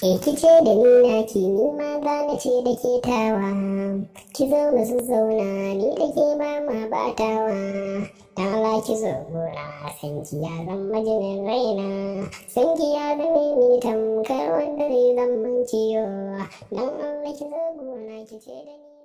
Ke kice da ni naki ni ma za na ce da ke tawa, ki zo su zauna ni da ke ba ma batawa. Dan Allah ki zo gona sanki ya zan majinin raina, sanki ya zame ni tamkar wanda zai zan man ciyo. Dan Allah ki zo gona ki ce da ni.